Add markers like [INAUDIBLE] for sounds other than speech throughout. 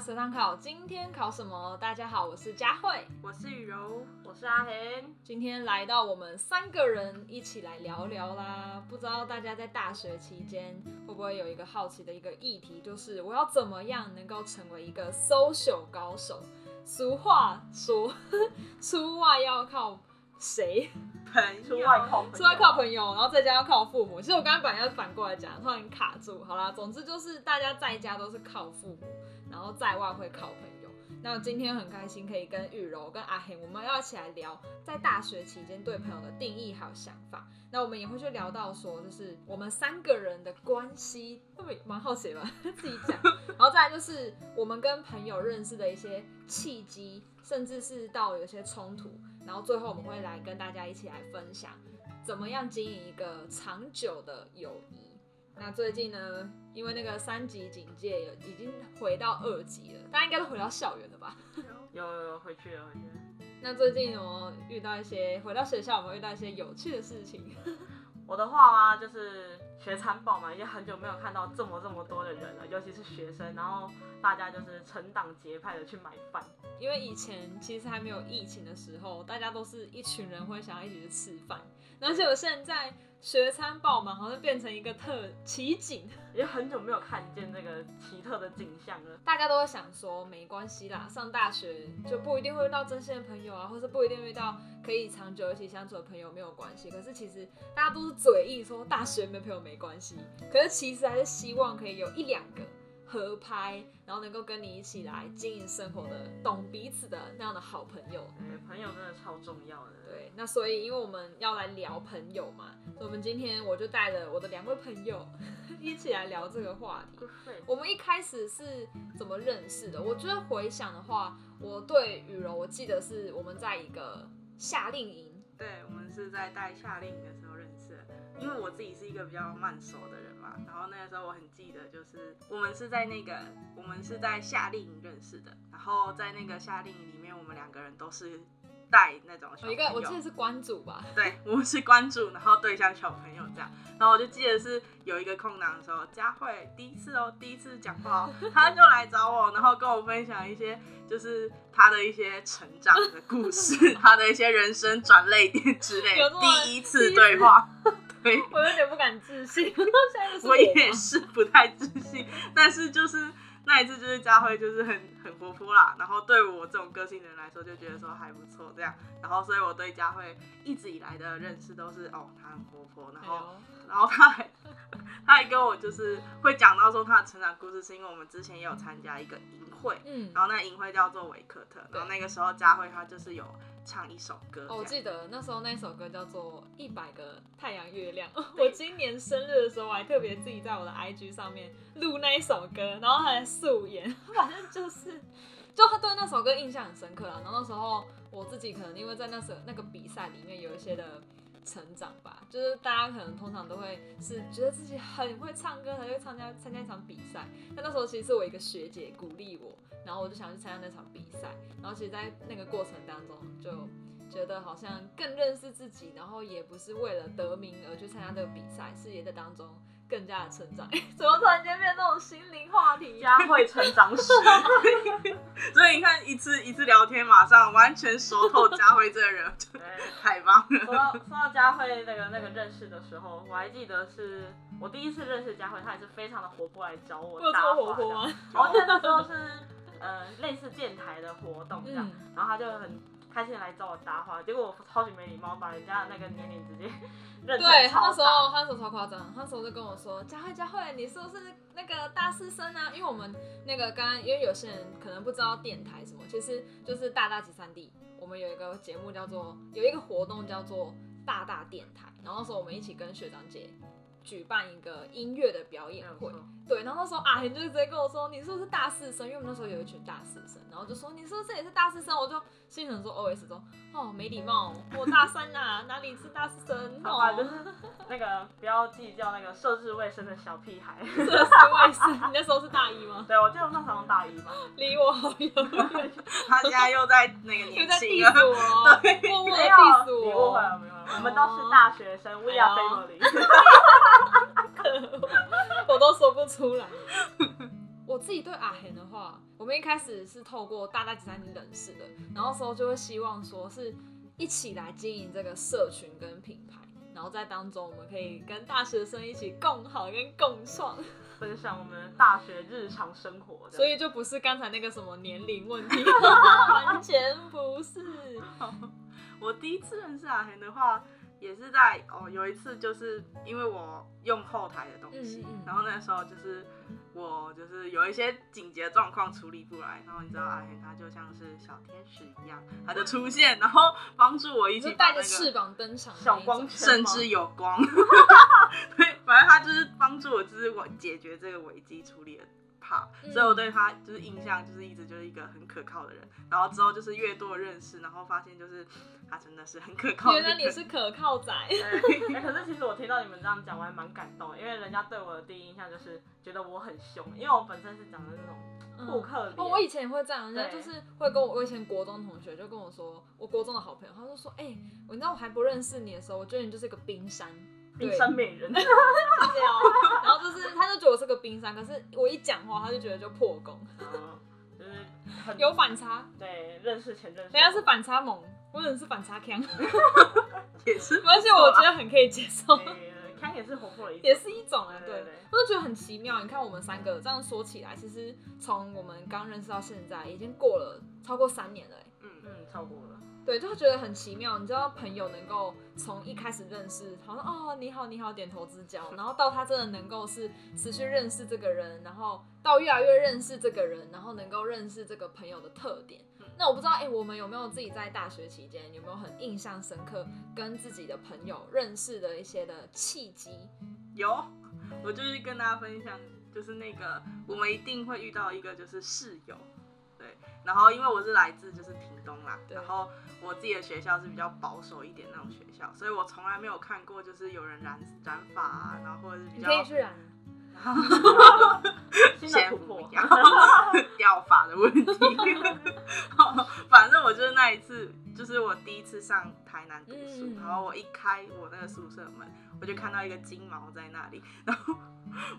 食堂考，今天考什麼？大家好，我是家卉，我是妤柔，我是阿嫺。今天來到我們三個人一起來聊聊啦。不知道大家在大學期間會不會有一個好奇的一個議題，就是我要怎麼樣能夠成為一個 social 高手？俗話說，出外要靠誰？朋友。出外靠朋友，出外靠朋友，然後在家要靠父母。其實我剛剛本來要反過來講，突然卡住。好啦，總之就是大家在家都是靠父母。然後在外會靠朋友。那今天很開心可以跟妤柔，跟阿嫺，我們要一起來聊在大學期間對朋友的定義還有想法。那我們也會去聊到說，就是我們三個人的關係，會蠻好奇吧，自己講。 [LAUGHS] 然後再來就是我們跟朋友認識的一些契機，甚至是到了有些衝突，然後最後我們會來跟大家一起來分享，怎麼樣經營一個長久的友誼。那最近呢，因為那個三級警戒，有已經回到二級了，大家應該都回到校園了吧？有有有回去了，回去。那最近我遇到一些回到學校，有沒有遇到一些有趣的事情。我的話啊，就是學餐寶嘛，已經很久沒有看到這麼這麼多的人了，尤其是學生，然後大家就是成黨結派的去買飯。因為以前其實還沒有疫情的時候，大家都是一群人會想要一起去吃飯，而且我現在。學餐爆滿好像變成一個特奇景， [LAUGHS] 也很久沒有看見這個奇特的景象了。大家都會想說，沒關係啦，上大學就不一定會遇到真心的朋友啊，或是不一定會遇到可以長久一起相處的朋友，沒有關係。可是其實大家都是嘴硬，說大學沒朋友沒關係。可是其實還是希望可以有一兩個。合拍，然後能夠跟你一起來經營生活的，懂彼此的那樣的好朋友。哎、嗯，朋友真的超重要的。對，那所以因為我們要來聊朋友嘛，所以我們今天我就帶了我的兩位朋友一起來聊這個話題。對我們一開始是怎麼認識的？我覺得回想的話，我對妤柔，我記得是我們在一個夏令營。對，我們是在帶夏令營的時候認識。因為我自己是一個比較慢熟的人嘛，然後那個時候我很記得，就是我們是在那個，我們是在夏令營認識的，然後在那個夏令營裡面，我們兩個人都是。帶那種有我一個我記得是關主吧，對我們是關主，然後對像小朋友這樣，然後我就記得是有一個空檔的時候，家卉第一次哦，第一次講、喔、話、喔，他就來找我，然後跟我分享一些就是他的一些成長的故事， [LAUGHS] 他的一些人生轉捩點之類， [LAUGHS] 種第一次對話，對我有點不敢置信， [LAUGHS] 我，我也是不太置信，但是就是。那一次就是家卉就是很很活潑啦，然後對我這種個性的人來說就覺得說還不錯這樣，然後所以我對家卉一直以來的認識都是哦她很活潑，然後然後她還她還跟我就是會講到說她的成長故事，是因為我們之前也有參加一個營會，嗯、然後那營會叫做維克特，然後那個時候家卉她就是有。唱一首歌，哦，我記得那時候那首歌叫做《一百個太陽月亮》。對我今年生日的時候我還特別自己在我的 IG 上面錄那一首歌，然後還素顏，反正就是就他對那首歌印象很深刻啊。然後那時候我自己可能因為在那時候那個比賽裡面有一些的成長吧，就是大家可能通常都會是覺得自己很會唱歌才會參加參加一場比賽。但那時候其實是我一個學姐鼓勵我。然後我就想去參加那場比賽，然後其實，在那個過程當中，就覺得好像更認識自己，然後也不是為了得名而去參加這個比賽，是也在當中更加的成長。怎麼突然間變那種心靈話題呀？家卉成長史， [LAUGHS] [LAUGHS] 所以你看一次一次聊天，馬上完全熟透家卉這個人，對 [LAUGHS] 太棒了。我說到家卉那個那個認識的時候，我還記得是我第一次認識家卉，她也是非常的活潑來找我,我,我搭話、啊，然後那時候是。呃，類似電台的活動這樣，嗯、然後他就很開心來找我搭話，結果我超級沒禮貌，把人家的那個年齡直接、嗯、認真對，那時候，那時候超誇張，那時候就跟我說，家卉，家卉，你是不是那個大師生啊？因為我們那個剛剛，因為有些人可能不知道電台什麼，其實就是大大集散地，我們有一個節目叫做，有一個活動叫做大大電台，然後那時候我們一起跟學長姐。舉辦一個音樂的表演會，嗯、哼對，然後那時候阿嫺、啊、就是直接跟我說：“你是不是大四生？”因為我們那時候有一群大四生，然後就說：“你是不是也是大四生？”我就心想說：“O S 說。”哦，沒禮貌！我大三吶、啊，哪裡是大四生？啊就是那個不要計較那個涉世未深的小屁孩。涉世未深，你那時候是大一嗎？對，我記得那時候大一嘛。離我好遠。 [LAUGHS] 他現在又在那個年……年在地主哦。對，不要你誤會了，沒、哦、我們都是大學生，不要被我離。we are [LAUGHS] 我都說不出來。我自己對阿賢的話，我們一開始是透過大大集散地認識的，然後時候就會希望說是一起來經營這個社群跟品牌，然後在當中我們可以跟大學生一起共好跟共創，分享我們大學日常生活，所以就不是剛才那個什麼年齡問題，完全不是。 [LAUGHS] 我第一次認識阿賢的話。也是在哦，有一次就是因為我用後台的東西，嗯嗯，然後那時候就是我就是有一些緊急的狀況處理不來，然後你知道哎、啊，他、欸、就像是小天使一樣，他的出現，然後幫助我一起帶着翅膀登場，小光甚至有光，哈哈哈，對，反正他就是幫助我，就是我解決這個危機處理。所以，我對他就是印象就是一直就是一個很可靠的人，嗯、然後之後就是越多認識，然後發現就是他真的是很可靠的。我覺得你是可靠仔對、 [LAUGHS] 欸。可是其實我聽到你們這樣講，我還蠻感動，因為人家對我的第一印象就是覺得我很兇，因為我本身是長得那種酷酷的、嗯。哦，我以前也會這樣，人家對就是會跟我，我以前國中同學就跟我說，我國中的好朋友，他就說，哎、欸，我你知道我還不認識你的時候，我覺得你就是一個冰山。對冰山美人， [LAUGHS] 是這樣，然後就是，他就覺得我是個冰山，可是我一講話，他就覺得就破功，嗯、就是有反差。對，認識前任。人家是反差萌，或者是反差強，也 [LAUGHS] 是、啊，而且我覺得很可以接受，強、欸欸、也是活潑，也是一種哎、啊，對，對，對，對，我就覺得很奇妙。你看我們三個、嗯、這樣說起來，其實從我們剛認識到現在，已經過了超過三年了、欸、嗯嗯，超過了。對，就會覺得很奇妙。你知道，朋友能夠從一開始認識，好像哦，你好，你好，點頭之交，然後到他真的能夠是持續認識這個人，然後到越來越認識這個人，然後能夠認識這個朋友的特點。嗯，那我不知道，哎，我們有沒有自己在大學期間有沒有很印象深刻跟自己的朋友認識的一些的契機？有，我就是跟大家分享，就是那個我們一定會遇到一個就是室友。然後，因為我是來自就是屏東啦，對然後我自己的學校是比較保守一點那種學校，所以我從來沒有看過就是有人染染髮，啊，然後或者是比較可以、啊、 [LAUGHS] 先突破掉髮的問題。 [LAUGHS] 反正我就是那一次，就是我第一次上台南讀書，嗯、然後我一開我那個宿舍門，我就看到一個金毛在那裡，然後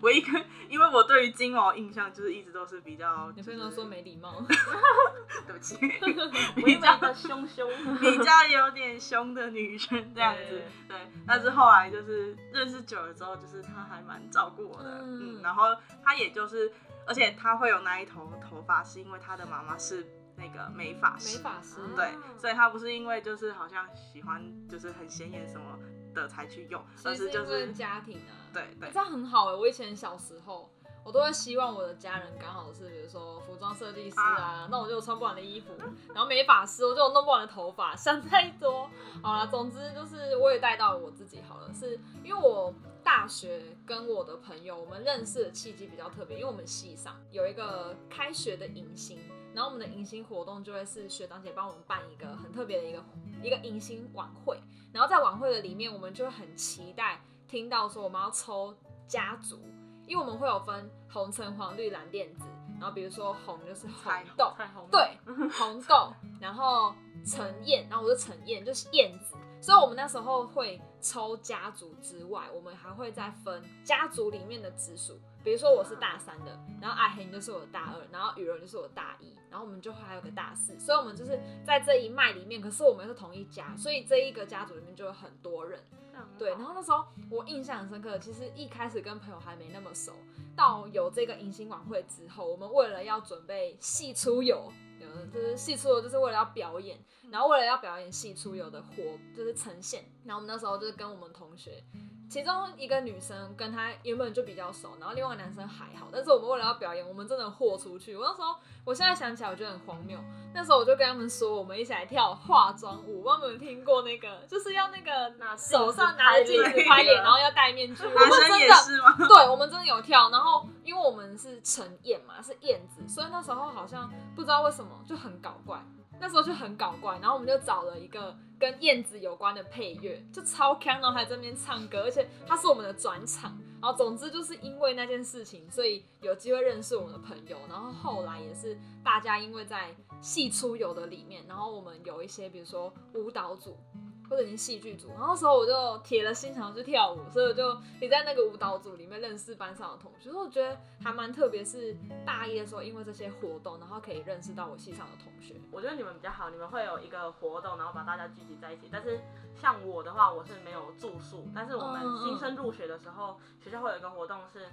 我一跟，因為我對於金毛印象就是一直都是比較、就是，你平常說沒禮貌， [LAUGHS] 對不起， [LAUGHS] 比較凶凶，比較有點凶的女生這樣子，對。但是後來就是認識久了之後，就是她還蠻照顧我的，嗯，嗯，然後她也就是，而且她會有那一頭頭髮，是因為她的媽媽是。那個美髮師，美髮師、啊、對，所以他不是因為就是好像喜歡就是很顯眼什麼的才去用，是而是就是家庭的、啊，對對、啊，這樣很好哎。我以前小時候，我都會希望我的家人剛好是比如說服裝設計師啊，那、啊、我就穿不完的衣服；然後美髮師，我就弄不完的頭髮。想太多，好了，總之就是我也帶到我自己好了，是因為我大學跟我的朋友，我們認識的契機比較特別，因為我們系上有一個開學的迎新。然後我們的迎新活動就會是學長姐幫我們辦一個很特別的一個一個迎新晚會，然後在晚會的裡面，我們就會很期待聽到說我們要抽家族，因為我們會有分紅橙黃綠藍靛紫，然後比如說紅就是紅豆，對，紅豆，然後陳燕，然後我就陳燕，就是燕子。所以，我們那時候會抽家族之外，我們還會再分家族裡面的直屬。比如說，我是大三的，然後阿恆就是我的大二，然後妤柔就是我的大一，然後我們就還有個大四。所以，我們就是在這一脈裡面，可是我們是同一家，所以這一個家族裡面就有很多人。好對，然後那時候我印象很深刻，其實一開始跟朋友還沒那麼熟，到有這個迎新晚會之後，我們為了要準備系出遊。有的就是戲出，就是為了要表演，然後為了要表演戲出，有的活就是呈現。然後我們那時候就是跟我們同學。其中一個女生跟她原本就比較熟，然後另外一個男生還好，但是我們為了要表演，我們真的豁出去。我那時候，我現在想起來我覺得很荒謬。那時候我就跟他們說，我們一起來跳化妝舞，不知道你們聽過那個，就是要那個拿手上拿着鏡子拍臉，的然後要戴面具。男生也是嗎？對，我們真的有跳。然後因為我們是陳燕嘛，是燕子，所以那時候好像不知道為什麼就很搞怪。那時候就很搞怪，然後我們就找了一個跟燕子有關的配樂，就超 can，然後還在那邊唱歌，而且它是我們的轉場。然後總之就是因為那件事情，所以有機會認識我們的朋友。然後後來也是大家因為在戲出遊的裡面，然後我們有一些比如說舞蹈組。或者你戲劇組，然後那時候我就鐵了心想要去跳舞，所以我就也在那個舞蹈組裡面認識班上的同學。所以我覺得還蠻特別，是大一的時候，因為這些活動，然後可以認識到我系上的同學。我覺得你們比較好，你們會有一個活動，然後把大家聚集在一起。但是像我的話，我是沒有住宿。但是我們新生入學的時候，嗯、學校會有一個活動是。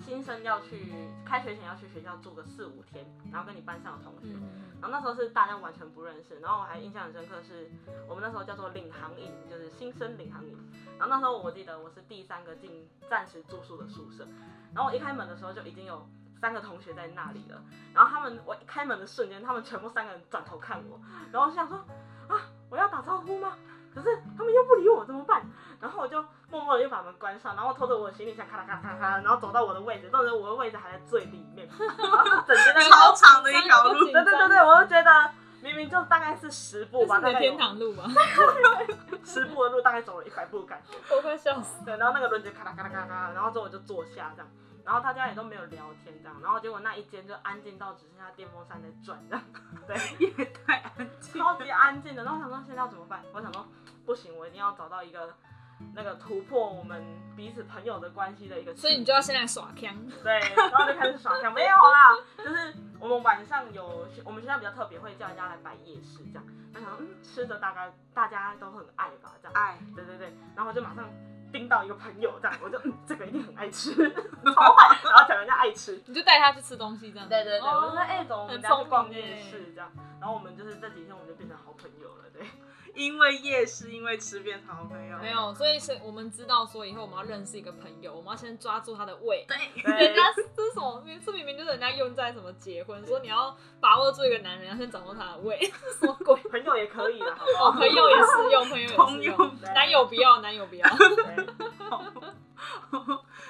新生要去開學前要去學校住個四五天，然後跟你班上的同學，然後那時候是大家完全不認識。然後我還印象很深刻是，我們那時候叫做領航營，就是新生領航營。然後那時候我記得我是第三個進暫時住宿的宿舍，然後我一開門的時候就已經有三個同學在那裡了。然後他們我一開門的瞬間，他們全部三個人轉頭看我，然後我想說啊，我要打招呼嗎？可是他們又不理我，怎麼辦？然後我就默默地就把門關上，然後拖着我的行李箱咔啦咔啦咔啦，然後走到我的位置。當時我的位置還在最裡面，然後就整條、那個、超長的一條路，對對對對，我就覺得明明就大概是十步吧，天堂路吧。十 [LAUGHS] 步的路大概走了一百步的感覺，我快笑死了。對，然後那個輪子咔啦咔啦咔啦，然後之後我就坐下這樣。然後大家也都沒有聊天這樣，然後結果那一間就安靜到只剩下電風扇在轉這樣，對，也太安靜，超級安靜的。然後我想說，現在要怎麼辦？我想說不行，我一定要找到一個那個突破我們彼此朋友的關係的一個。所以你就要現在耍腔。對，然後就開始耍腔， [LAUGHS] 沒有啦,就是我們晚上有，我們學校比較特別，會叫人家來擺夜市這樣。然後想說吃的大概大家都很愛吧這樣，愛，對對對，然後就馬上。聽到一個朋友這樣，我就嗯，這個一定很愛吃。好，然後講人家愛吃，你就帶他去吃東西這樣，對對對，我、哦、說哎，走、欸，我們逛逛夜市這樣，然後我們就是這幾天我們就變成好朋友了，對。因為夜市因為吃變好朋友，沒有，所以是我們知道說以後我們要認識一個朋友，我們要先抓住他的胃。對，對人家是，是什麼？這明明就是人家用在什麼結婚，說你要把握住一個男人，要先掌握他的胃。什麼鬼？朋友也可以的，哦，朋友也是用，朋友也是用。朋友，男友不要，對男友不要對。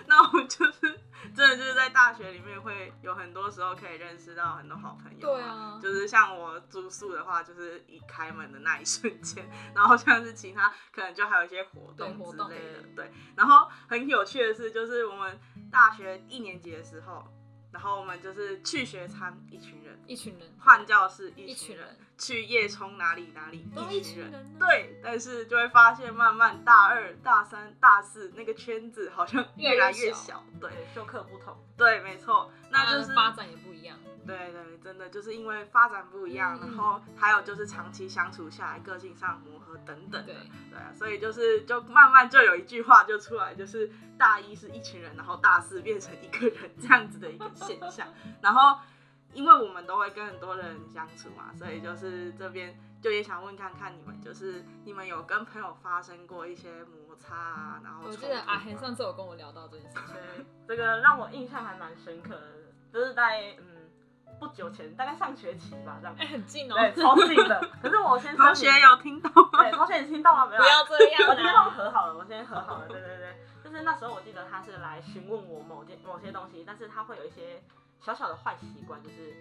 那我們就是。真的就是在大學裡面會有很多時候可以認識到很多好朋友啊，對啊，就是像我住宿的話，就是一開門的那一瞬間，然後像是其他可能就還有一些活動之類的，對，對。然後很有趣的是，就是我們大學一年級的時候。然後我們就是去學餐一群人，一群人換教室，一群人，一群人去夜衝哪裡哪裡、哦、一群人，群人啊、對，但是就會發現慢慢大二大三大四那個圈子好像越來越小，越小對，修課不同，對，沒錯，那就是、啊、發展也不一樣。對對，真的就是因為發展不一樣，嗯、然後還有就是長期相處下來，對個性上磨合等等的，對，對啊，所以就是就慢慢就有一句話就出來，就是大一是一群人，然後大四變成一個人對這樣子的一個現象。 [LAUGHS] 然後因為我們都會跟很多人相處嘛，所以就是這邊就也想問看看你們，就是你們有跟朋友發生過一些摩擦、啊？然後我記得阿很，上次有跟我聊到這件事情，對 [LAUGHS] 這個讓我印象還蠻深刻的，就是在嗯。不久前，大概上學期吧，這樣子、欸。很近哦，對，超近的。可是我先，同學有聽到嗎？對，同學你聽到嗎？沒有。不要這樣，我先和好了，我先和好了。對對對，就是那時候我記得他是來詢問我某些某些東西，但是他會有一些。小小的壞習慣就是，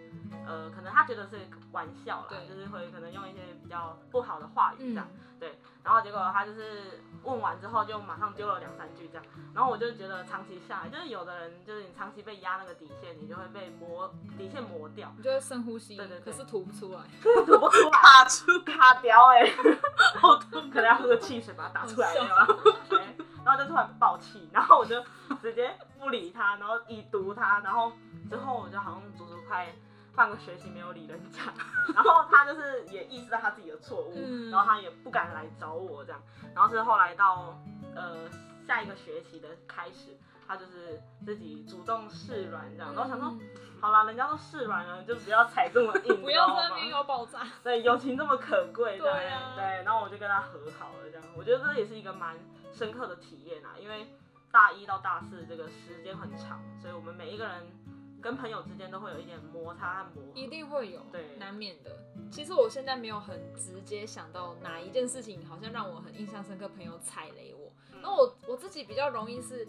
呃，可能他覺得是玩笑啦，對就是會可能用一些比較不好的話語這樣，嗯、對，然後結果他就是問完之後就馬上丟了兩三句這樣，然後我就覺得長期下來，就是有的人就是你長期被壓那個底線，你就會被磨底線磨掉，你就會深呼吸，對，對對，可是吐不出來，吐 [LAUGHS] 不出來，卡出卡掉哎、欸， [LAUGHS] 可能要喝個汽水把它打出來 [LAUGHS] 對吧？Okay, 然後就突然爆氣，然後我就直接不理他，然後已讀他，然後。之後我就好像足足快半個學期沒有理人家，然後他就是也意識到他自己的錯誤，然後他也不敢來找我這樣，然後是後來到呃下一個學期的開始，他就是自己主動示弱這樣，然後想說，好啦，人家都示弱了，就不要踩這麼硬，不要踩這麼硬要爆炸，對，友情這麼可貴，對對，然後我就跟他和好了這樣，我覺得這也是一個蠻深刻的體驗啊，因為大一到大四這個時間很長，所以我們每一個人。跟朋友之間都會有一點摩擦和摩擦，一定會有，對，難免的。其實我現在沒有很直接想到哪一件事情，好像讓我很印象深刻，朋友踩雷我。那我我自己比較容易是，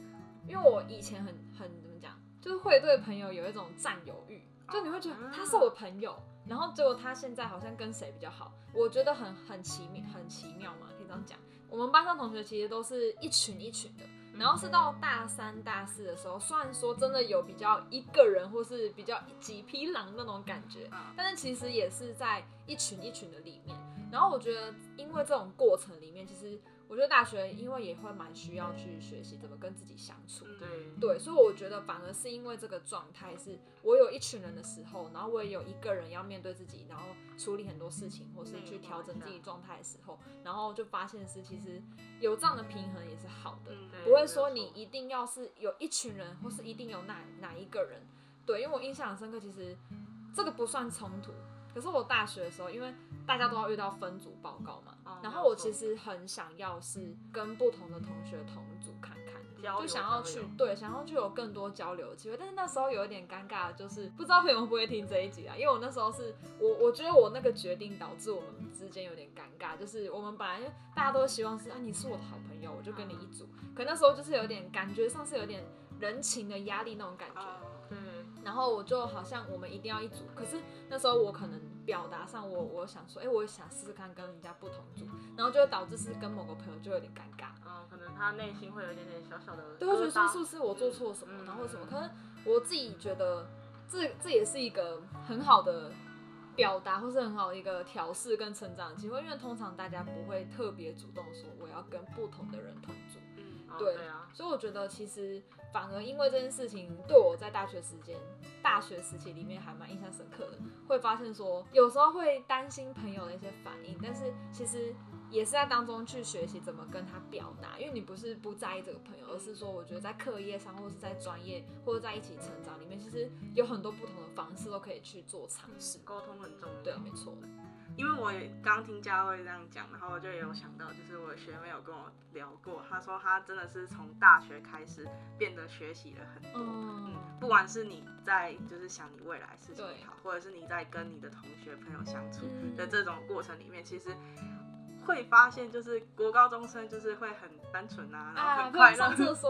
因為我以前很很怎麼講，就是會對朋友有一種佔有欲，嗯、就你會覺得他是我的朋友，然後結果他現在好像跟誰比較好，我覺得很很奇妙，很奇妙嘛，可以這樣講。我們班上同學其實都是一群一群的。然後是到大三、大四的時候，雖然說真的有比較一個人，或是比較一匹狼那種感覺，但是其實也是在一群一群的裡面。然後我覺得，因為這種過程裡面，其實。我覺得大學因為也會蠻需要去學習怎麼跟自己相處的，嗯、對，所以我覺得反而是因為這個狀態，是我有一群人的時候，然後我也有一個人要面對自己，然後處理很多事情，或是去調整自己狀態的時候，嗯、然後就發現是其實有這樣的平衡也是好的，嗯、不會說你一定要是有一群人，或是一定有哪哪一個人，對，因為我印象很深刻，其實這個不算衝突，可是我大學的時候，因為大家都要遇到分組報告。然後我其實很想要是跟不同的同學同組看看，就想要去對，想要去有更多交流的機會。但是那時候有一點尷尬，就是不知道朋友們會不會聽這一集啊？因為我那時候是，我我覺得我那個決定導致我們之間有點尷尬，就是我們本來大家都希望是啊你是我的好朋友，我就跟你一組。可那時候就是有點感覺上是有點人情的壓力那種感覺，嗯。然後我就好像我們一定要一組，可是那時候我可能。表達上我，我我想說，哎、欸，我想試試看跟人家不同組，然後就會導致是跟某個朋友就有點尷尬。嗯，可能他內心會有一點點小小的，對，我覺得是不是我做錯什麼，然後、嗯、什麼。可能我自己覺得這，這這也是一個很好的表達，或是很好的一個調試跟成長的機會。因為通常大家不會特別主動說我要跟不同的人同住。對啊，所以我覺得其實反而因為這件事情，對我在大學時間、大學時期裡面還蠻印象深刻的。會發現說，有時候會擔心朋友的一些反應，但是其實也是在當中去學習怎麼跟他表達，因為你不是不在意這個朋友，而是說我覺得在課業上，或者是在專業，或者在一起成長裡面，其實有很多不同的方式都可以去做嘗試。溝通很重要。對，沒錯。因為我也剛聽家卉這樣講，然後我就有想到，就是我學妹有跟我聊過，她說她真的是從大學開始變得學習了很多，嗯，嗯，不管是你在就是想你未來事情也好，對或者是你在跟你的同學朋友相處的這種過程裡面，嗯、其實。會發現就是國高中生就是會很單純啊，然後很快樂，對對、啊、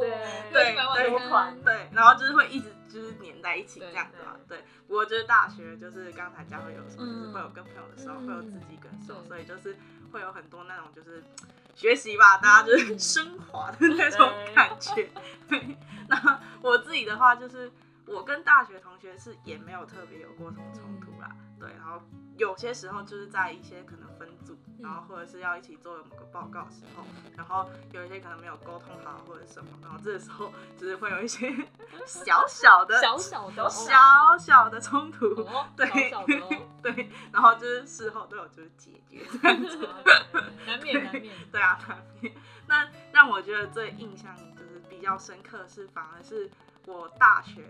對，對對對然後就是會一直就是黏在一起這樣子嘛。對，對對不過就是大學就是剛談戀愛會有的時候就是會有跟朋友的時候，嗯、會有自己感受，嗯、所以就是會有很多那種就是學習吧，嗯、大家就是升華的那種感覺。對，那對我自己的話就是。我跟大學同學是也沒有特別有過什麼衝突啦，對，然後有些時候就是在一些可能分組，然後或者是要一起做個某個報告的時候，然後有一些可能沒有溝通好或者什麼，然後這時候就是會有一些小小的、小小的、小小的衝突，對對，然後就是事後都有就是解決這樣子，難免難免，對啊難免。那讓我覺得最印象就是比較深刻的是反而是。我大學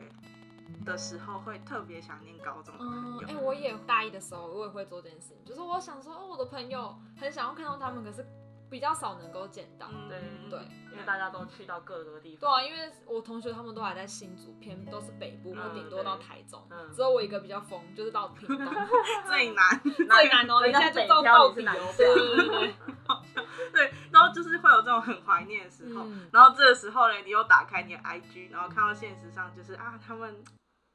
的時候會特別想念高中的朋友。哎，我也大一的時候，我也會做這件事，就是我想說，我的朋友很想要看到他們，可是比較少能夠見到。對對，因為大家都去到各個地方。對啊，因為我同學他們都還在新竹，偏都是北部，我頂多到台中。只有我一個比較瘋，就是到屏東，最南，最南哦，一下就到到底哦，對。 [LAUGHS] 對，然後就是會有這種很懷念的時候，嗯、然後這個時候呢，你又打開你的 IG，然後看到現實上就是啊，他們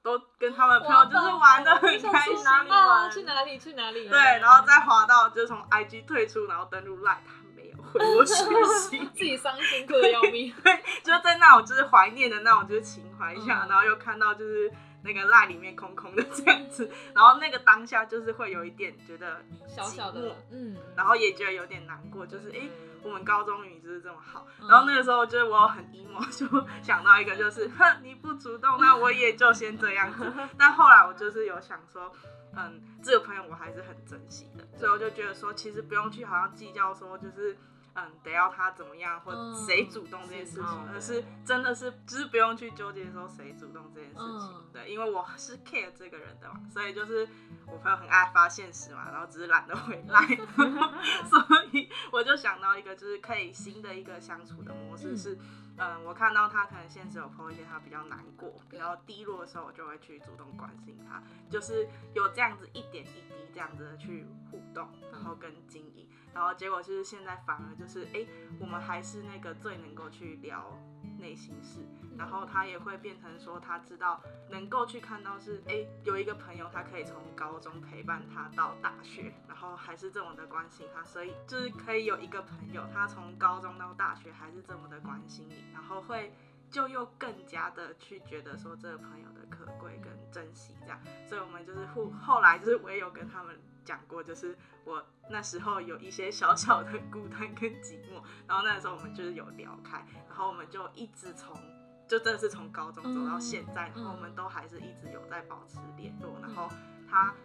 都跟他們朋友就是玩得很開心啊，去哪裡玩？去哪裡去哪裡？對，然後再滑到就是從 IG 退出，然後登錄 LINE，他沒有回我信息，自己傷心哭的要命。對，就在那種就是懷念的那種就是情懷下，嗯、然後又看到就是。那個賴裡面空空的這樣子，然後那個當下就是會有一點覺得寂寞，嗯，然後也覺得有點難過，就是哎、嗯欸，我們高中女就是這麼好，然後那個時候就是我很 emo，em 就想到一個就是，哼、嗯，你不主動，那我也就先這樣子。嗯、但後來我就是有想說，嗯，這個朋友我還是很珍惜的，所以我就覺得說，其實不用去好像計較說就是。嗯，得要他怎麼樣，或誰主動這件事情，而、嗯是，哦、是真的是，就是不用去糾結說誰主動這件事情，嗯、對，因為我是 care 這個人的嘛，所以就是我朋友很愛發現實嘛，然後只是懶得回來，嗯、 [LAUGHS] 所以我就想到一個就是可以新的一個相處的模式、嗯、是，嗯，我看到他可能現實有 po 一些他比較難過，比較低落的時候，我就會去主動關心他，就是有這樣子一點一滴這樣子的去互動，嗯、然後跟經營。然後結果就是現在反而就是，哎、欸，我們還是那個最能夠去聊內心事，然後他也會變成說他知道能夠去看到是，哎、欸，有一個朋友他可以從高中陪伴他到大學，然後還是這麼的關心他，所以就是可以有一個朋友，他從高中到大學還是這麼的關心你，然後會就又更加的去覺得說這個朋友的可貴。珍惜這樣，所以我們就是後後來就是我也有跟他們講過，就是我那時候有一些小小的孤單跟寂寞，然後那個時候我們就是有聊開，然後我們就一直從，就真的是從高中走到現在，然後我們都還是一直有在保持聯絡，然後他。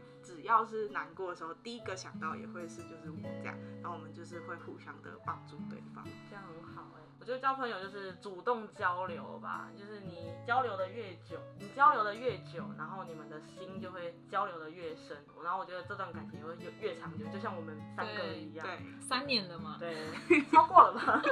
要是難過的時候，第一個想到也會是就是我們這樣，然後我們就是會互相的幫助對方，這樣很好哎、欸。我覺得交朋友就是主動交流吧，就是你交流的越久，你交流的越久，然後你們的心就會交流的越深，然後我覺得這段感情就會越長久，就像我們三個人一樣，對，對三年了嘛，對， [LAUGHS] 超過了吧。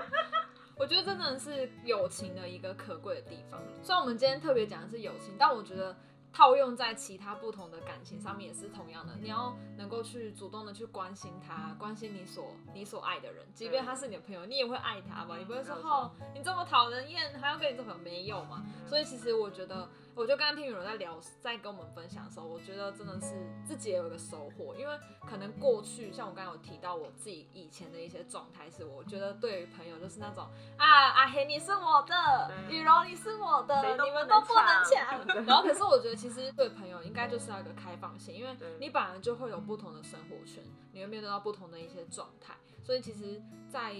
[LAUGHS] 我覺得真的是友情的一個可貴的地方。雖然我們今天特別講的是友情，但我覺得。套用在其他不同的感情上面也是同樣的，你要能夠去主動的去關心他，關心你所你所愛的人，即便他是你的朋友，你也會愛他吧？你不會說，哦，你這麼討人厭，對還要跟你做朋友沒有嘛？對所以其實我覺得。我就剛剛聽妤柔在聊，在跟我們分享的時候，我覺得真的是自己也有一個收穫，因為可能過去像我剛才有提到我自己以前的一些狀態，是我覺得對於朋友就是那種啊阿黑你是我的對妤柔，你是我的，你們都，都不能搶。對對然後可是我覺得其實對朋友應該就是要一個開放性，因為你本來就會有不同的生活圈，你會面對到不同的一些狀態，所以其實，在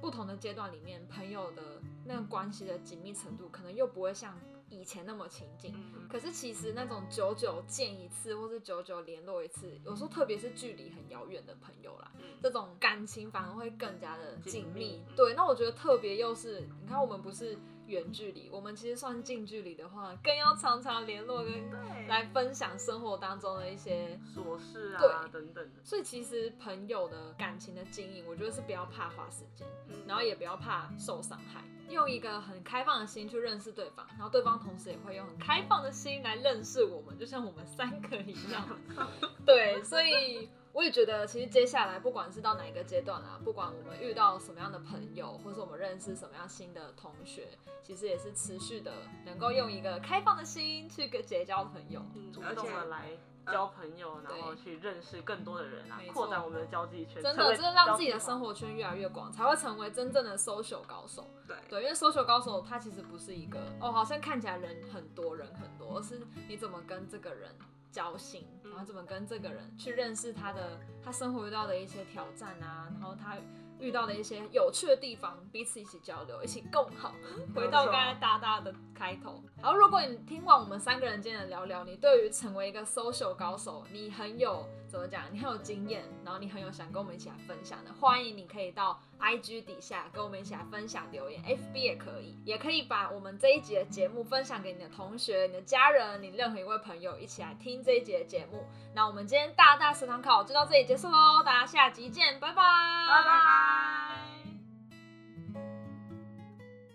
不同的階段裡面，朋友的那個關係的緊密程度，可能又不會像。以前那麼親近，嗯、可是其實那種久久見一次，或是久久聯絡一次，有時候特別是距離很遙遠的朋友啦，嗯、這種感情反而會更加的緊密。面對，那我覺得特別又是，你看我們不是。遠距離，我們其實算近距離的話，更要常常聯絡跟對來分享生活當中的一些瑣事啊對等等的。所以其實朋友的感情的經營，我覺得是不要怕花時間，嗯、然後也不要怕受傷害。嗯、用一個很開放的心去認識對方，然後對方同時也會用很開放的心來認識我們，就像我們三個一樣。 [LAUGHS] 對，所以。 [LAUGHS] 我也覺得，其實接下來不管是到哪一個階段啊，不管我們遇到什麼樣的朋友，或是我們認識什麼樣新的同學，其實也是持續的能夠用一個開放的心去結交朋友，主動的來交朋友，呃、然後去認識更多的人啊，擴對展我們的交際圈。錯會真的，真的，就是，讓自己的生活圈越來越廣，才會成為真正的 social 高手。對，對，因為 social 高手他其實不是一個哦，好像看起來人很多人很多，而是你怎麼跟這個人。交心，然後怎麼跟這個人去認識他的，他生活遇到的一些挑戰啊，然後他遇到的一些有趣的地方，彼此一起交流，一起共好。回到剛才大大的開頭。錯好，如果你聽完我們三個人之間的聊聊，你對於成為一個 social 高手，你很有。怎麼講？你很有經驗，然後你很有想跟我們一起來分享的，歡迎你可以到 IG 底下跟我們一起來分享留言，FB 也可以，也可以把我們這一集的節目分享給你的同學、你的家人、你任何一位朋友一起來聽這一集的節目。那我們今天大大食堂考就到這裡結束嘍，大家下集見，拜拜，拜拜。